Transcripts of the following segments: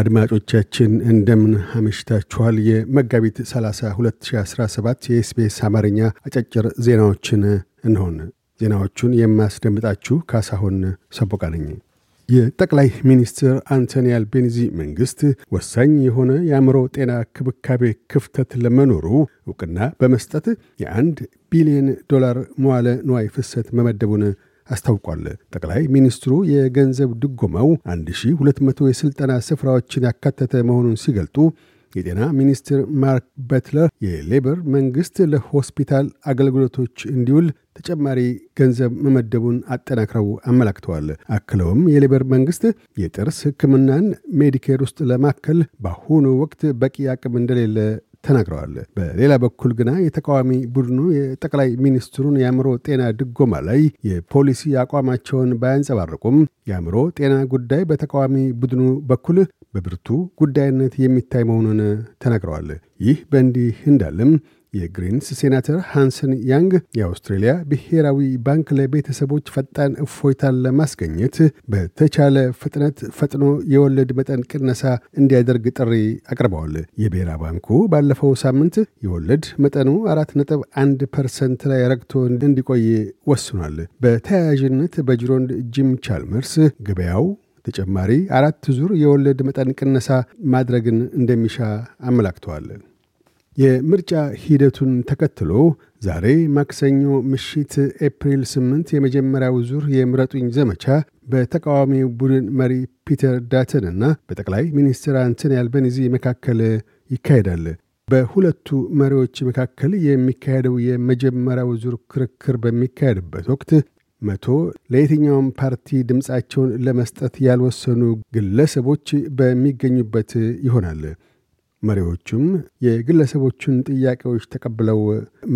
አድማጮቻችን እንደምን አመሽታችኋል። የመጋቢት 30 2017 የኤስቤስ አማርኛ አጫጭር ዜናዎችን እንሆን። ዜናዎቹን የማስደምጣችሁ ካሳሁን ሰቦቃ ነኝ። የጠቅላይ ሚኒስትር አንቶኒ አልቤኒዚ መንግሥት ወሳኝ የሆነ የአእምሮ ጤና ክብካቤ ክፍተት ለመኖሩ እውቅና በመስጠት የአንድ ቢሊዮን ዶላር መዋለ ንዋይ ፍሰት መመደቡን አስታውቋል። ጠቅላይ ሚኒስትሩ የገንዘብ ድጎመው 1200 የሥልጠና ስፍራዎችን ያካተተ መሆኑን ሲገልጡ የጤና ሚኒስትር ማርክ በትለር የሌበር መንግሥት ለሆስፒታል አገልግሎቶች እንዲውል ተጨማሪ ገንዘብ መመደቡን አጠናክረው አመላክተዋል። አክለውም የሌበር መንግሥት የጥርስ ሕክምናን ሜዲኬር ውስጥ ለማከል በአሁኑ ወቅት በቂ አቅም እንደሌለ ተናግረዋል። በሌላ በኩል ግና የተቃዋሚ ቡድኑ የጠቅላይ ሚኒስትሩን የአእምሮ ጤና ድጎማ ላይ የፖሊሲ አቋማቸውን ባያንጸባርቁም የአእምሮ ጤና ጉዳይ በተቃዋሚ ቡድኑ በኩል በብርቱ ጉዳይነት የሚታይ መሆኑን ተናግረዋል። ይህ በእንዲህ እንዳለም የግሪንስ ሴናተር ሃንሰን ያንግ የአውስትሬልያ ብሔራዊ ባንክ ለቤተሰቦች ፈጣን እፎይታን ለማስገኘት በተቻለ ፍጥነት ፈጥኖ የወለድ መጠን ቅነሳ እንዲያደርግ ጥሪ አቅርበዋል። የብሔራ ባንኩ ባለፈው ሳምንት የወለድ መጠኑ አራት ነጥብ አንድ ፐርሰንት ላይ ረግቶ እንዲቆይ ወስኗል። በተያያዥነት በጅሮንድ ጂም ቻልመርስ ገበያው ተጨማሪ አራት ዙር የወለድ መጠን ቅነሳ ማድረግን እንደሚሻ አመላክተዋል። የምርጫ ሂደቱን ተከትሎ ዛሬ ማክሰኞ ምሽት ኤፕሪል 8 የመጀመሪያው ዙር የምረጡኝ ዘመቻ በተቃዋሚው ቡድን መሪ ፒተር ዳተን እና በጠቅላይ ሚኒስትር አንቶኒ ያልበኒዚ መካከል ይካሄዳል። በሁለቱ መሪዎች መካከል የሚካሄደው የመጀመሪያው ዙር ክርክር በሚካሄድበት ወቅት መቶ ለየትኛውም ፓርቲ ድምፃቸውን ለመስጠት ያልወሰኑ ግለሰቦች በሚገኙበት ይሆናል። መሪዎቹም የግለሰቦቹን ጥያቄዎች ተቀብለው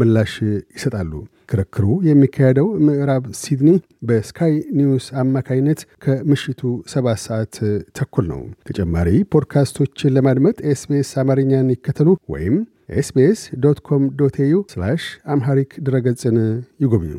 ምላሽ ይሰጣሉ። ክርክሩ የሚካሄደው ምዕራብ ሲድኒ በስካይ ኒውስ አማካይነት ከምሽቱ ሰባት ሰዓት ተኩል ነው። ተጨማሪ ፖድካስቶችን ለማድመጥ ኤስቤስ አማርኛን ይከተሉ ወይም ኤስቤስ ዶት ኮም ዶት ኤዩ አምሃሪክ ድረገጽን ይጎብኙ።